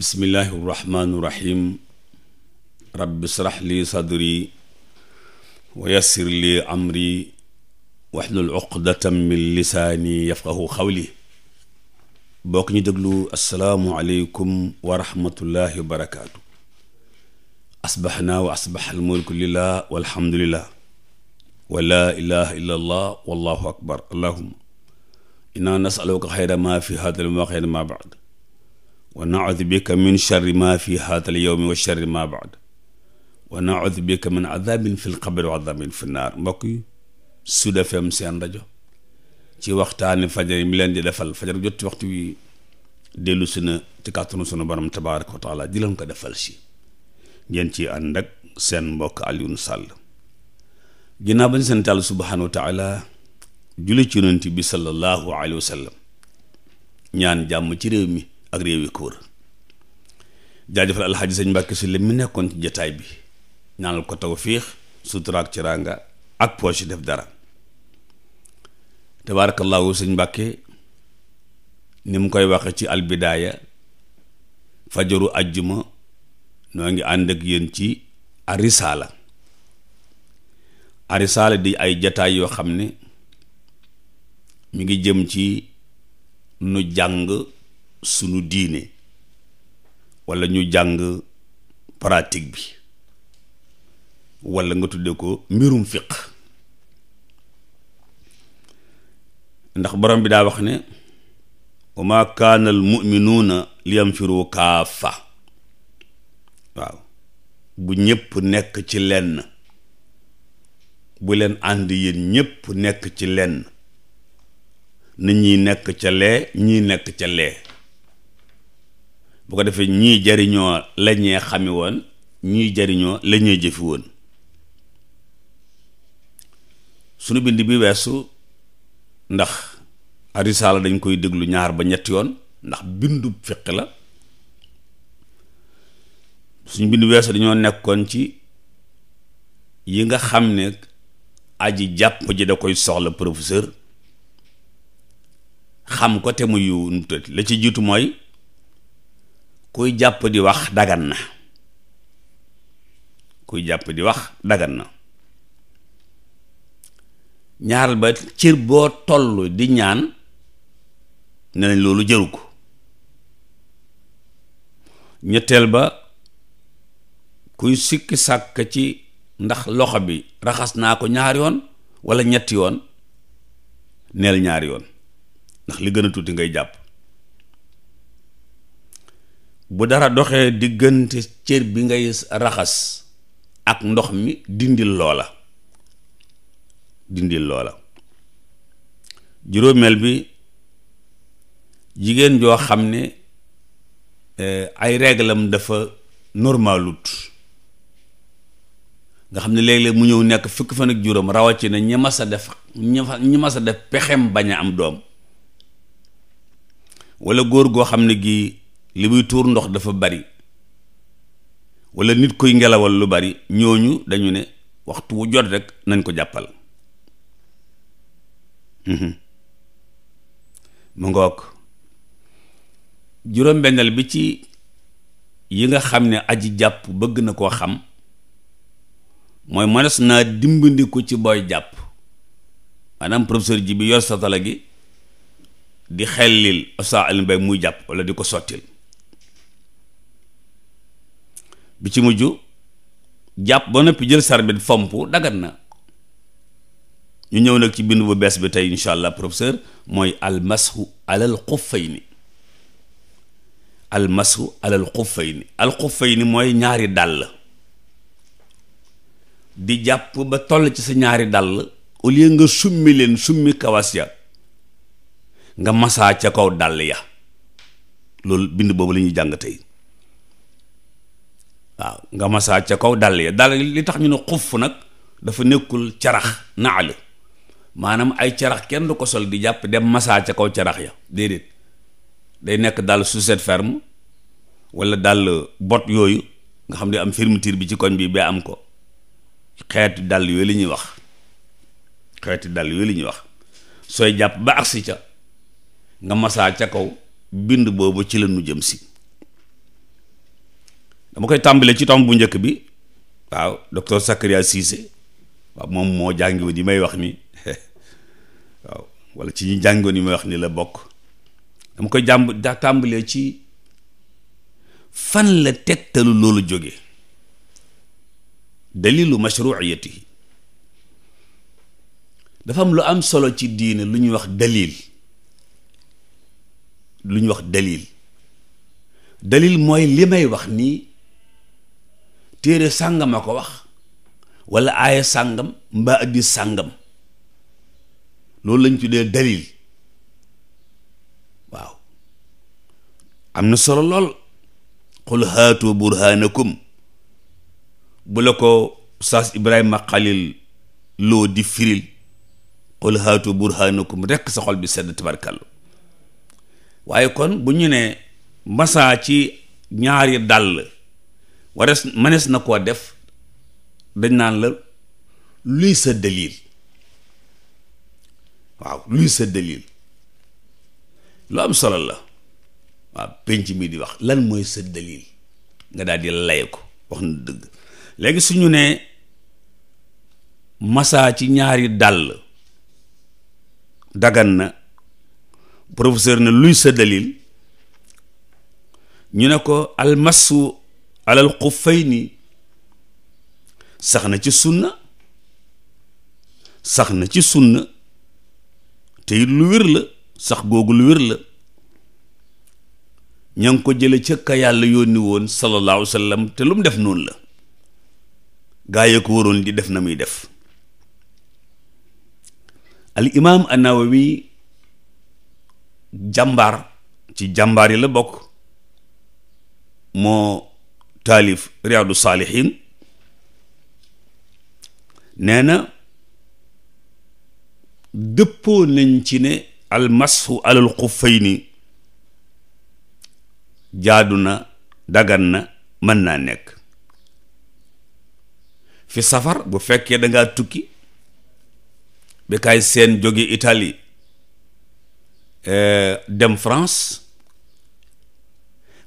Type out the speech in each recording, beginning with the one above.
bismillaahi rahmaani rahiim rabbi srax li sadri wa yassir li amri waxlul uqdatan min lisaani yafqahu xawli bokk ñu déglu assalaamu aleykum wa rahmatullahi wa barakaatu asbaxnaa wa asbax almulku lillah walhamdulillah wa laa ilaha illa allah wallahu akbar allahuma inna nasaluka xayra ma fi hada l ma xayra ma baad wa naudu bika min charri ma fi haadal yowmi wa charri ma baad wa naudu bika min adabin fi lqabri wa adabin fi naar mbokk yi Sud FM seen rajo ci waxtaani fajar yi mi leen di defal fajar jotti waxtu wi dellu si na ci kàttanu sunu borom tabaaraka wa ko defal si ngeen ci ànd seen mbokk Alioune Sall ginnaaw bañ seen tàll subhaanahu wa taala julli ci yonent bi sallallahu alayhi wa ñaan jàmm ci réew mi ak réew yi ko wër jaajëfal alxaaji sëñ Mbàkke si lim mu nekkoon ci jataay bi ñaanal ko tawfiix suturaak ci ranga ak poche def dara tabaarakallaahu sëñ Mbàkke ni mu koy wax ci albidaaya fajaru ajjuma noo ngi ànd ak yéen ci arisaala arisaala di ay jataay yoo xam ne mu ngi jëm ci nu jàng sunu diine walla ñu jàng pratique bi walla nga tudde ko mbirum fiq ndax borom bi daa wax ne wa maa kaana al muminuuna liyamfiru kaafa waaw bu ñépp nekk ci lenn bu leen ànd yéen ñépp nekk ci lenn ni ñiy nekk ca lee ñiy nekk ca lee bu ko defee ñii jariñoo la ñee xami woon ñii jariñoo la ñee jëfi woon sunu bind bi weesu ndax arisaala dañ koy déglu ñaar ba ñetti yoon ndax bindu fiq la suñ bind weesu dañoo nekkoon ci yi nga xam ne aji jàpp ji da koy soxla professeur xam ko te mu yiw la ci jiitu mooy kuy jàpp di wax dagan na kuy jàpp di wax dagan na ñaar ba cër boo toll di ñaan ne nañ loolu jëru ko ñetteel ba kuy sikki sàkk ci ndax loxo bi raxas naa ko ñaar yoon walla ñetti yoon neel ñaar yoon ndax li gën a tuuti ngay jàpp bu dara doxee diggante cër bi ngay raxas ak ndox mi dindil loola dindil loola juróomeel bi jigéen joo xam ne eh, ay réglam dafa normalut nga xam ne léeg-léeg mu ñëw nekk fukk fan ak juróom rawatina ñi mas a def ñi mas a def pexem bañ a am doom wala góor goo xam ne gii li muy tuur ndox dafa bari walla nit kuy ngelawal lu bari ñooñu dañu ne waxtu wu jot rek nañ ko jàppal mhm. mu ngoog juróom-benneel bi ci yi nga xam ne aji jàpp bëgg na koo xam mooy mënees naa dimbandiku ci booy jàpp maanaam professeur ji bi yor satala gi di xellil Oustaz Alioune Mbaye muy jàpp wala di ko sottil bi ci mujj jàpp ba noppi jël sarbet fomp dagat na ñu ñëw nag ci bind bu bees bi tey insha allah professeur mooy almashu alal xuffayni almashu alal xuffayni al mooy ñaari dàll di jàpp ba toll ci sa ñaari dàll au lieu nga summi leen summi kawas ya nga masaa ca kaw dàll ya loolu bind boobu lañuy ñuy jàng tey waaw nga masaa ca kaw dàll ya dàll li tax ñu ne xuff nag dafa nekkul carax naal maanaam ay carax kenn du ko sol di jàpp dem masaa ca kaw carax ya déedéet day nekk dàll chaussette ferme wala dàll bot yooyu nga xam ne am fermeture bi ci koñ bi ba am ko xeeti dàll yooyu la ñuy wax xeeti dàll yooyu la ñuy wax sooy jàpp ba agsi ca nga masaa ca kaw bind boobu ci la nu jëm si dama koy tàmbalee ci tomb bu njëkk bi waaw docteur Sakaria Cissé waaw moom moo jàngiwoon yi may wax ni waaw wala ci ñi jàngiwoon yi may wax ni la bokk dama koy jàmb tàmbalee ci fan la tegtalu loolu jóge dalilu mashruiyatihi dafa am lu am solo ci diine lu ñuy wax dalil lu ñuy wax dalil dalil mooy li may wax nii téere sàngam a ko wax walla aaya sàngam mbaa addi sàngam loolu lañ tuddee dalil waaw am na solo lool qul haatu burhanakum bu la ko saas ibrahima xalil loo di firil qul haatu burhanakum rekk sa xol bi sedd tabarkallu waaye kon bu ñu ne masaa ci ñaari dàll wares mënees na koo def dañ naan la luy sa dalil waaw luy sa dalil lu am solo la waaw penc mi di wax lan mooy sa dalil nga daal di laye ko wax na dëgg léegi suñu nee masaa ci ñaari dàll dagan na professeur ne luy sa dalil ñu ne ko almasu alal xuffayni sax na ci sunna sax na ci sunna te it lu wér la sax googu lu wér la ña ngi ko jële ca ka yàlla yónni woon sallallahu alayhi te lu mu def noonu la gaa yee ko waroon di def na muy def al imaam an-Nawawi jàmbaar ci jàmbaar yi la bokk moo taalif riyaadu saalihiin nee na dëppoo nañ ci ne almasxu alal xuffayni jaadu na daggan na mën naa nekk fi safar bu fekkee dangaa tukki bi kaay seen jóge Italie eh, dem France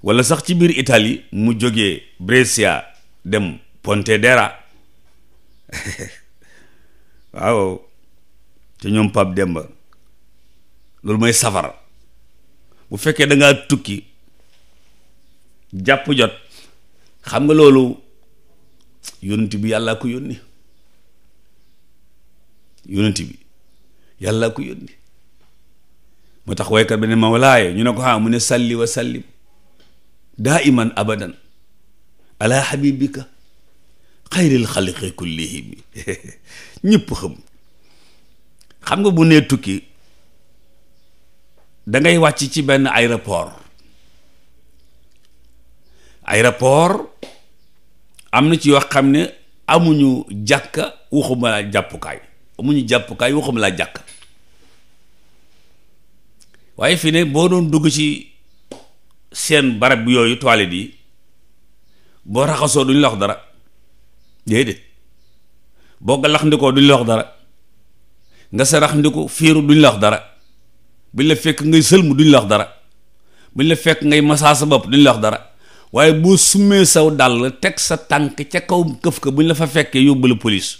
wala sax ci biir itali mu jóge Brescia dem Pontedera waaw te ñoom Pape Demba loolu mooy safara bu fekkee da tukki jàpp jot xam nga loolu yonent bi yàllaa ko yónni yonent bi yàllaa ko yónni moo tax waykat bi ne ma walaaye ñu ne ko ah mu ne salli wa daa'iman abadan ala habibika xayril xalqi kullihim ñëpp xam xam nga bu nee tukki dangay wàcc ci benn aéroport aéroport am na ci yoo xam ne amuñu jàkka waxuma laa jàppukaay amuñu jàppukaay waxuma laa jàkka waaye fii ne boo doon dugg ci seen barab yooyu toilette yi boo raxasoo duñ la dara dara de boo galax duñ lox dara nga sarax ndiku fiiru duñ lox dara buñ la fekk ngay sëlmu duñ la dara buñ la fekk ngay masaa sa bopp duñ la dara waaye boo summee saw dàll teg sa tànk ca kaw këf ka buñ la fa fekkee yóbbu la police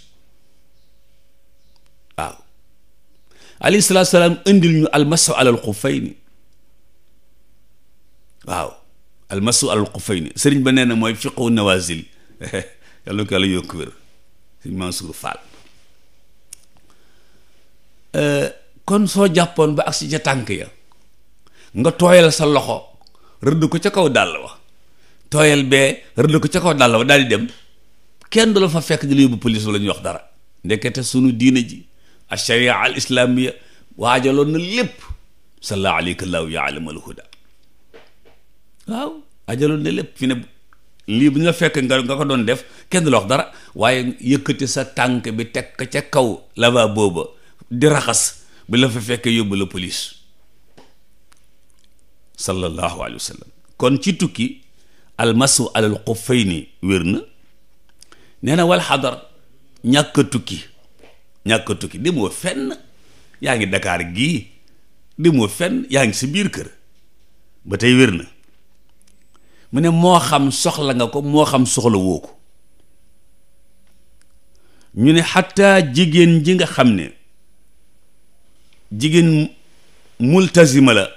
waaw alayhi salaatu salaam indil ñu almasu alal xufayni waaw almasu al xufayni sëriñ ba nee na mooy fiqu nawazil yàlla ko yàlla yokk wér sëriñ Mansour Fall euh, kon soo jàppoon ba agsi ca tànk ya nga tooyal sa loxo rëdd ko ca kaw dàll wa tooyal bee rëdd ko ca kaw dàll wa daal di dem kenn du la fa fekk di la yóbbu police la ñuy wax dara ndekete sunu diine ji al sharia waajaloon na lépp salla alayka llahu ya alamal waaw ajaloon na lépp fi ne lii bi nga fekk nga nga ko doon def kenn du dara waaye yëkkati sa tànk bi teg ca kaw lava booba di raxas bi la fa fekkee yóbbu la police sallallahu alayhi wa sallam kon ci tukki almasu alal xuffayni wér na nee na wal xadar ñàkk a tukki ñàkk a tukki demoo fenn yaa ngi Dakar gii demoo fenn yaa ngi si biir kër ba tey wér na mu ne moo xam soxla nga ko moo xam soxla woo ko ñu ne xatta jigéen ji nga xam ne jigéen multazima la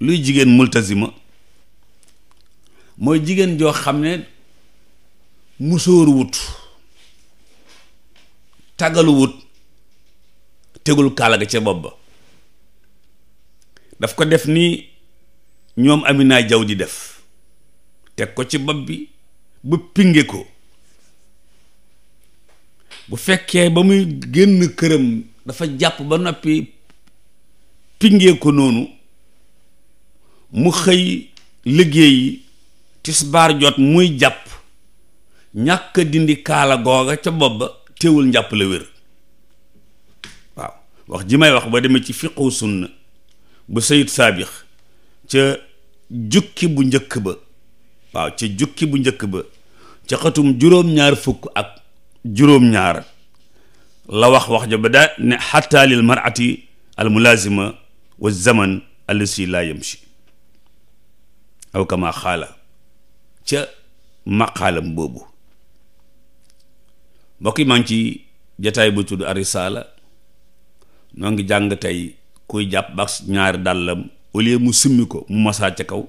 luy jigéen multasima mooy jigéen joo xam ne musóoru wut tàggalu wut tegul kaala ca bopp ba daf ko def nii ñoom Amina Jaw di def teg ko ci bopp bi ba pinge ko bu fekkee ba muy génn këram dafa jàpp ba noppi pinge ko noonu mu xëy liggéeyi tisbaar jot muy jàpp ñàkk dindi kaala googa ca bopp ba teewul njàpp la wér waaw wax ji may wax ba demee ci fiqhu sunna bu sayid saabix ca jukki bu njëkk ba waaw ca jukki bu njëkk ba ca xatum juróom-ñaar fukk ak juróom-ñaar la wax wax ja ba daa ne xatta lil al mulazima wa zaman allasi laa yamshi aw kama xaala ca maqaalam boobu mbokk yi maa ngi ci jataay bu tudd arisala noo ngi jàng tey kuy jàpp ba ñaari dàllam au lieu mu simmi ko mu masaa ca kaw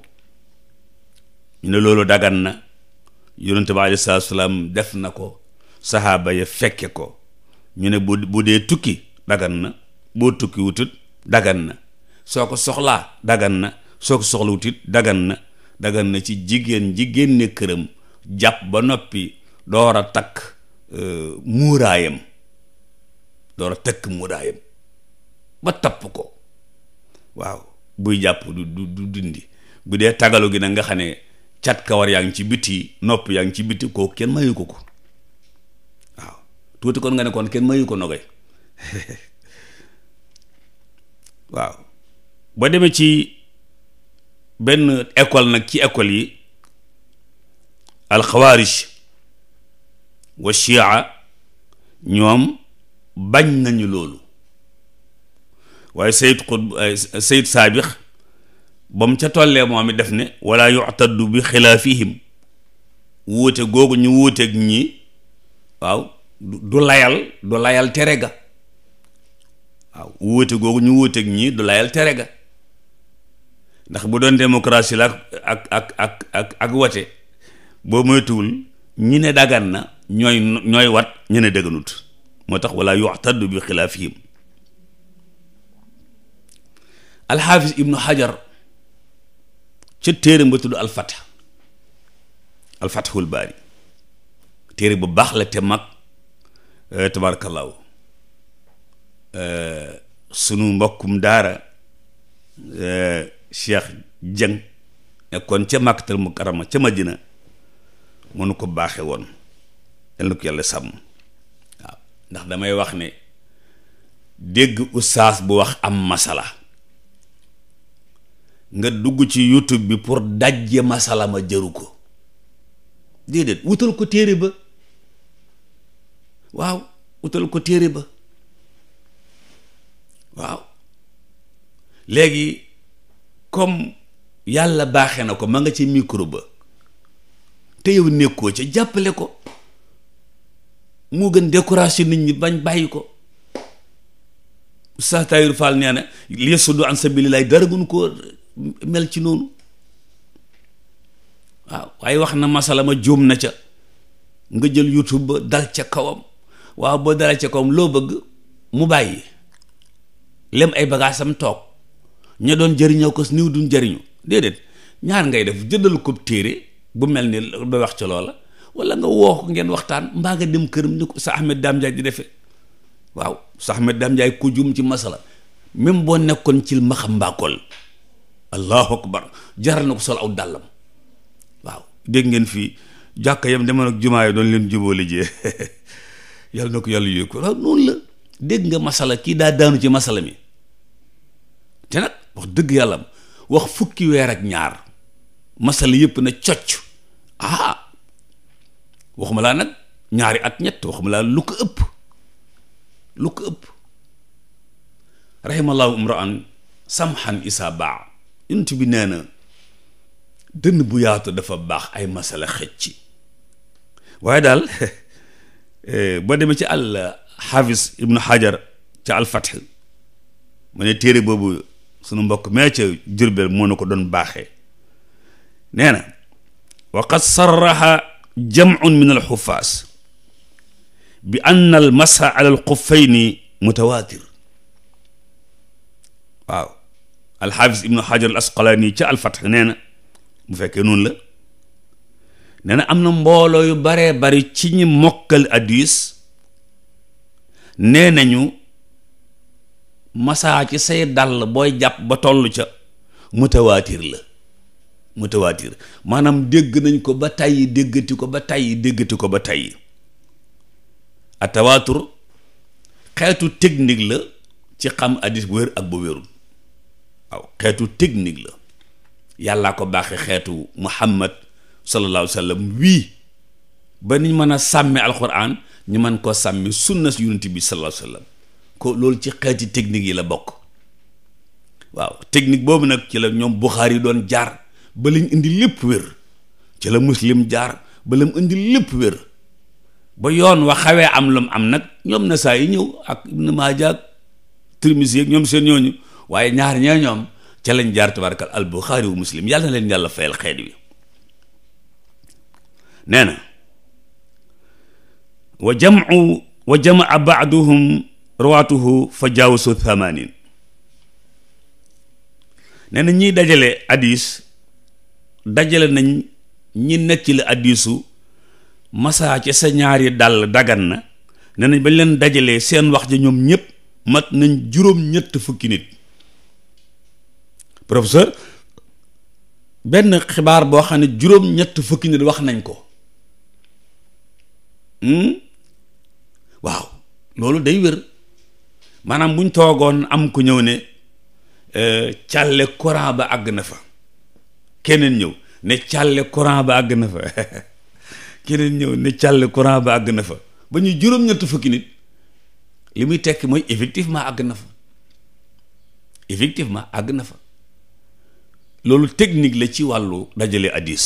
ñu ne loolu dagan na yonente bi alei salaam def na ko saxaaba ya fekke ko ñu ne bu bu dee tukki dagan na boo tukki wutut dagan na soo ko soxlaa dagan na soo ko soxla wutit dagan na dagan na ci jigéen jigéen ne këram jàpp ba noppi door a takk euh, muuraayam door a takk muuraayam ba tapp ko waaw buy jàpp du du dindi bu dee tagalu gi nag nga xam ne cat kawar yaa ngi ci biti nopp yaa ngi ci biti kooku kenn mayu ko ko waaw tuuti kon nga ne kon kenn mayu ko nogay waaw boo demee ci benn école nag ci école yi alxawaarij wa chia ñoom bañ nañu loolu waaye sayid xut eh, sayid saabix ba mu ca tollee moom it def ne wala yu'taddu bi xilaafihim wuute googu ñu wuuteeg ñii waaw du layal du layal tere ga waaw googu ñu wuuteeg ñii du tere ga ndax bu doon démocratie la ak ak ak ak ak wate boo moytuwul ñi ne dagan na ñooy ñooy wat ñu ne dëgganut moo tax wala yu'taddu bi xilaafihim alxaafis ibnu xajar ca téere ba tudd alfatah alfatahul baari téere bu baax la te mag eh, tabaarakallaahu eh, sunu mbokkum daara eh, Cheikh Jëng nekkoon ca Makkatal Mukarrama ca Madina mënu ko baaxe woon yal na ko yàlla sàmm waaw ndax damay wax ne dégg ustaas bu wax am masala nga dugg ci youtube bi pour dajje masala ma jëru ko déedéet wutal ko téere ba waaw wutal ko téere ba waaw léegi comme yàlla baaxe na ko ma nga ci micro ba te yow nekkoo ca jàppale ko moo gën découragé nit ñi bañ bàyyi ko Oustaz Tahirou Fall nee na li yasuddu an sabilillahi dara gun ko mel ci noonu waaw waaye wax na masala ma juum na ca nga jël youtube ba dal ca kawam waaw boo dal ca kawam loo bëgg mu bàyyi lem ay bagaasam toog ña doon jëriñoo ko niw du jëriñu déedéet ñaar ngay def jëndal ko téere bu mel ni ba wax ca la walla nga woo ngeen waxtaan mbaa nga dem këram ni ko sa Ahmed Dame Ndiaye di defee waaw sa Ahmed Dame Ndiaye ku juum ci masala même boo nekkoon ci maxam mbaakool allahu akbar jaral na ko sol aw dàllam waaw dégg ngeen fi jàkka yam demoon ak jumaa yi doon leen juboo lijee yàlla na ko yàlla yooyu ko waaw noonu la dégg nga masala kii daa daanu ci masala mi te nag wax dëgg yàlla wax fukki weer ak ñaar masala yépp na cocc ah waxuma laa nag ñaari at ñett waxuma laa lu ko ëpp lu ko ëpp rahimallahu umraan samhan isa baa yonent bi nee na dënn bu yaatu dafa baax ay masala xëj ci waaye daal eh, boo demee ci al xaafis ibnu xajar ci al fath mu ne téere boobu sunu mbokk mee ca jurbel moo na ko doon baaxe nee na wa qad sarraha jamcun min al xufaas bi ann al masa ala al xuffayni alxaafis ibnu xajar al asqalaani ca alfatx nee na bu fekkee noonu la nee na am na mbooloo yu baree bari ci ñi mokkal addis nee nañu masaa ci say dàll booy jàpp ba toll ca mutawaatir la mutawaatir maanaam dégg nañ ko ba tàyyi déggati ko ba tàyyi déggati ko ba tàyyi atawaatur xeetu technique la ci xam addis bu wér ak bu wérul waaw xeetu technique la yàllaa ko baaxee xeetu muhammad sallallahu alayhi wii ba ni mën a sàmme alquran ñu mën ko sàmmi sunna si bi sallallahu alayhi ko loolu ci xeeti technique yi la bokk waaw technique boobu nag ci la ñoom buxaar yi doon jaar ba lañ indi lépp wér ci la muslim jaar ba lam indi lépp wér ba yoon wa xawee am lu mu am nag ñoom na saa yi ñëw ak ibn maaja ak tirmisi ñoom seen ñooñu waaye ñaar ñee ñoom ca lañ jaar tabarkal al buxaari wu muslim yàlla na leen yàlla fayal xeet wi nee na wa jamu wa jamaa baaduhum ruwaatuhu fa jaawasu thamanin nee na ñiy dajale addis dajale nañ ñi nekk la addisu masaa ci sa ñaari dàll dagan na nee nañ bañ leen dajalee seen wax ja ñoom ñëpp mat nañ juróom-ñett fukki nit professeur benn xibaar boo xam ne juróom-ñett fukki nit wax nañ ko hmm? waaw loolu day wér maanaam buñ toogoon am ku ñëw ne euh, càlle courant ba àgg na fa keneen ñëw ne càlle courant ba àgg na fa càlle courant ba àgg na fa ba ñu juróom-ñett fukki nit li muy tekki mooy effectivement àgg na fa effectivement àgg na fa loolu technique la ci wàllu dajale addis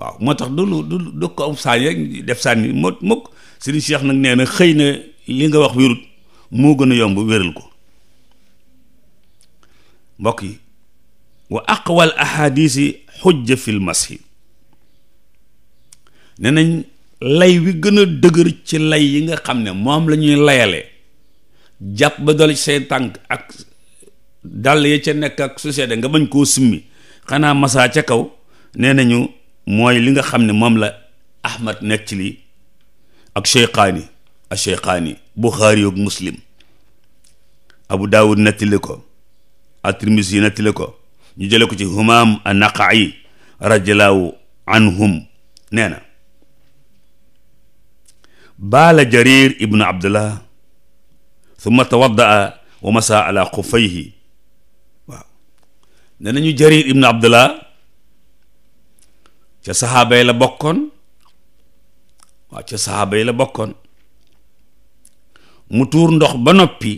waaw moo tax du lu du du ko am saa def sànni mot mukk sëriñ Cheikh nag nee na xëy na li nga wax wérut moo gën a yomb wéral ko mbokk yi wa aqwal ahadisi xujja fil mashi ne nañ lay wi gën a dëgër ci lay yi nga xam ne moom la ñuy layale jàpp ba dal ci say tànk ak dàll ya ca nekk ak su sedda nga bañ koo summi xanaa masaa ca kaw nee nañu mooy li nga xam ne moom la ahmad nekk lii ak cheyqaani ak cheyqaani buxaari yoog muslim abu daawud nettali ko at-tirmisi nettali ko ñu jële ko ci humaam a naqai radiallahu anhum nee na baala jarir ibnu abdullah thumma tawaddaa wa masa ala xufayhi ne nañu jarir ibnu abdullah ca saxaaba yi la bokkoon waaw ca saxaaba yi la bokkoon mu tuur ndox ba noppi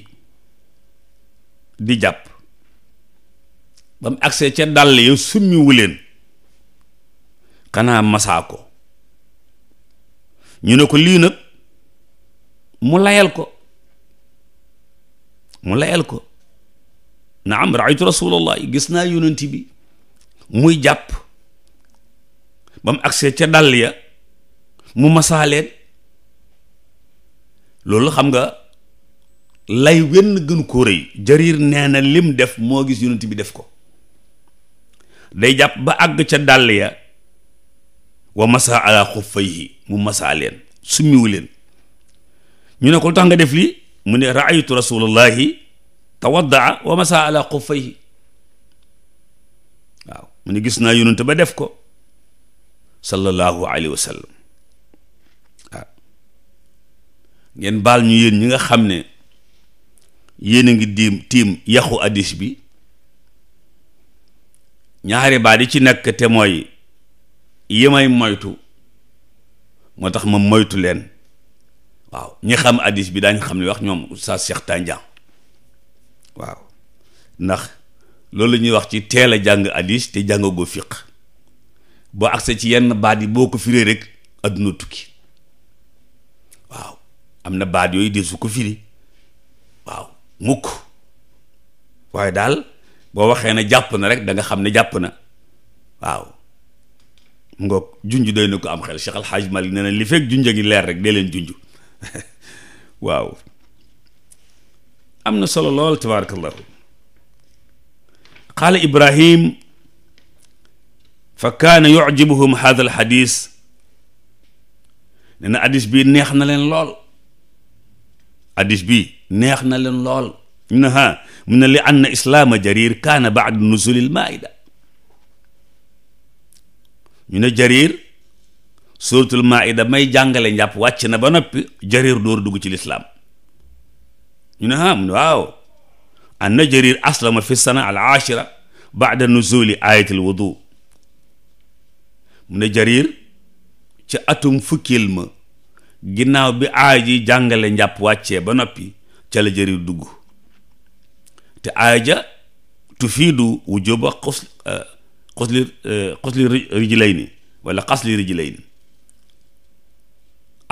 di jàpp ba mu agsee ca dàll ya summi wuleen xanaa masaa ko ñu ne ko lii nag mu layal ko mu layal ko naam raaytu rasulallah gis naa yonent bi muy jàpp ba mu agsee ca dàll ya mu masaaleen loolu xam nga lay wenn gënu koo rëy jarir nee na lim def moo gis yonent bi def ko day jàpp ba àgg ca dàll ya wa masa ala xuffayhi mu masaa leen summiwu leen ñu ne ko lu tax nga def lii mu ne raaytu rasulallahi tawaddaa wa masaa ala waaw mu ne gis naa yonent ba def ko sallallahu alayhi wa waaw ngeen baal ñu yéen ñi nga xam ne yéen a ngi diim tiim yaxu addis bi ñaari baat yi ci nekk te mooy yi may moytu moo tax ma moytu leen waaw ñi xam addis bi daa daañ xam ne wax ñoom Oustaz Cheikh Tandian waaw ndax loolu la ñuy wax ci teel a jàng alis te jàngagoo fiq boo agsee ci yenn baat yi boo ko firee rek adduna tukki waaw am na baat yooyu de su ko firi waaw mukk waaye daal boo waxee ne jàpp na rek danga xam ne jàpp na waaw mu nga junj doy na ko am xel Cheikh Al Hadj Malick li fekk junj a ngi leer rek dee leen junj waaw am na solo lool tabarakallahu qaala ibrahim fa kaana yujibuhum hada al hadis nee na hadis bii neex na leen lool hadis bii neex na leen lool ñu ne ha mu ne li anna islaama jarir kaana baad nuzulil maida ñu ne jarir suratul maida may jàngale njàpp wàcc na ba noppi jarir dóor dugg ci lislaam ñu ne ah mu ne waaw anna jarir aslama fi sana al ashira baada nuzuli ayatil wudu mu ne jarir ci atum fukkil ma ginnaaw bi aaya ji jàngale njàpp wàccee ba noppi cala la jarir dugg te aaya ja tufiidu wujuba xus eh, xusli eh, xusli rijlayni wala xasli rijlayni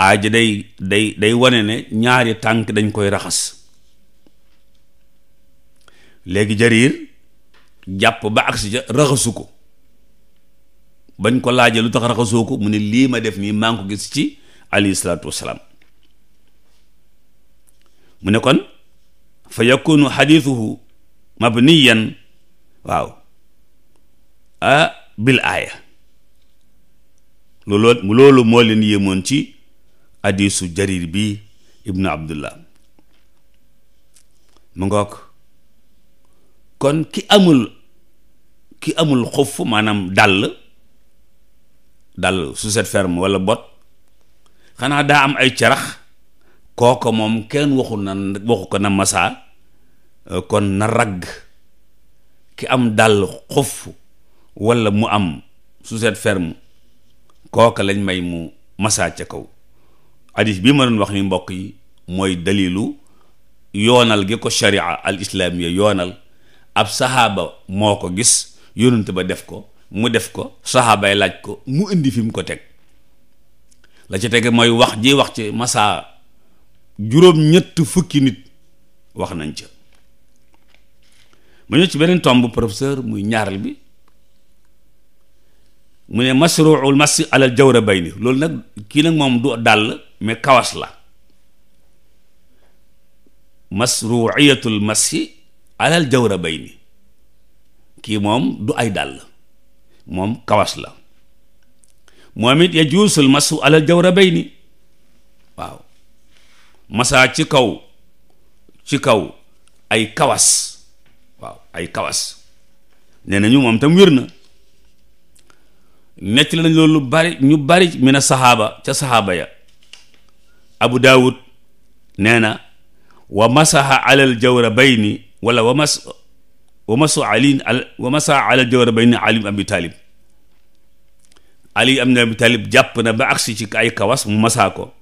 aaya ja day day day wane ne ñaari tànk dañ koy raxas léegi jariir jàpp ba agsi ca raxasu ko bañ ko laajee lu tax raxasoo ko mu ne lii ma def nii maa ngi ko gis ci alayhi salaatu wassalaam mu ne kon fa yakunu xadiisuhu mabniyan waaw a bil aaya loolu loolu moo leen yéemoon ci hadiisu jarir bi ibnu abdullah mu ngoog kon ki amul ki amul xof maanaam dàll dàll chaussette ferme walla bot xanaa daa am ay carax kooko moom kenn waxu na waxu ko na masaa euh, kon na ragg ki am dàll xof walla mu am chaussette ferme kooka lañ may mu masaa ca kaw hadis bi ma doon wax ni mbokk yi mooy dalilu yoonal gi ko sharia al islaamiya yoonal ab saxaaba moo ko gis yonent ba def ko mu def ko saxaabay laaj ko mu indi fi mu ko teg la ca tege mooy wax ji wax ci massa juróom-ñett fukki nit wax nañ ca mu ñëw ci beneen tomb professeur muy ñaaral bi mu ne masruul massi alal jawra bay ni loolu nag kii nag moom du dàll mais kawas la masruiyatul massi alal jawra kii moom du ay dàll moom kawas la moom it yajuusul masu alal jawra bay ni waaw masaa ci kaw ci kaw ay kawas waaw ay kawas nee nañu moom tam wér na nettali nañ loolu bari ñu bari mina saxaaba ca saxaaba ya abu daawud nee na wa masaha alal jawra bayni wala wa mas wa masu alin al wa masa alal jawar bay ali am na abi taalib jàpp na ba agsi ci ay kawas mu masaa ko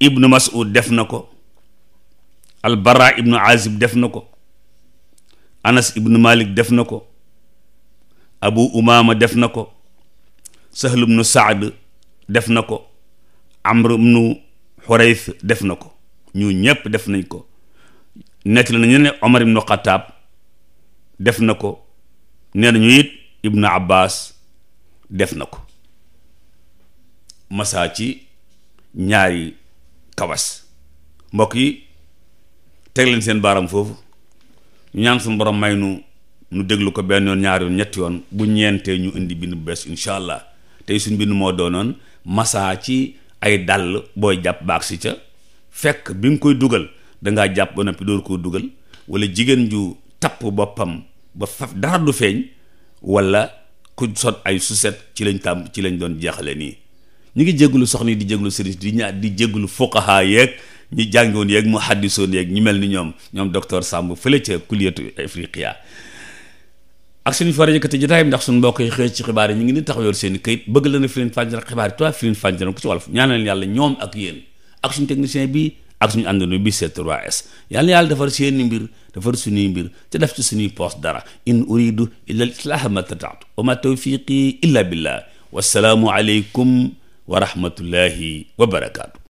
ibnu mas'ud def na ko albara ibnu azib def na ko anas ibnu malik def na ko abu umama def na ko sahl ibnu saad def na ko amr ibnu xurayth def na ko ñu ñépp def nañ ko nekk na ñu ne Omar ibnu Xataab def na ko nee nañu it Ibnu Abbas def na ko masaa ci ñaari kawas mbokk yi teg seen baaram foofu ñu ñaan suñu borom may nu nu déglu ko benn yoon ñaari yoon ñetti yoon bu ñeentee ñu indi bind bu bees incha allah tey suñu bind moo doonoon masaa ci ay dàll booy jàpp baax si ca fekk bi nga koy dugal dangaa jàpp ba noppi door koo dugal wala jigéen ju tapp boppam ba faf dara du feeñ wala ku sot ay suset ci lañ tàmm ci lañ doon jeexale nii ñu ngi jégalu soxna yi di jégalu sëriñ di ñaar di jégalu fuqaha yeeg ñi jàngoon yeeg mu haddisoon yeeg ñu mel ni ñoom ñoom docteur Samb fële ca kuliyatu Afriqiya ak suñu fa yëkkati jotaay bi ndax suñu mbokk yi ngi ni taxaw seen i bëgg la na firin fànjara xibaar yi toi firin yàlla ñoom ak yéen ak suñu technicien bi ak suñu àndandoo bi C3S yal na yàlla defar seeni mbir defar suñuy mbir te def ci suñuy poos dara in uridu illa al-islaaha ma tataatu wa ma tawfiqi illa billah wassalaamu aleykum wa rahmatullahi wa barakaatu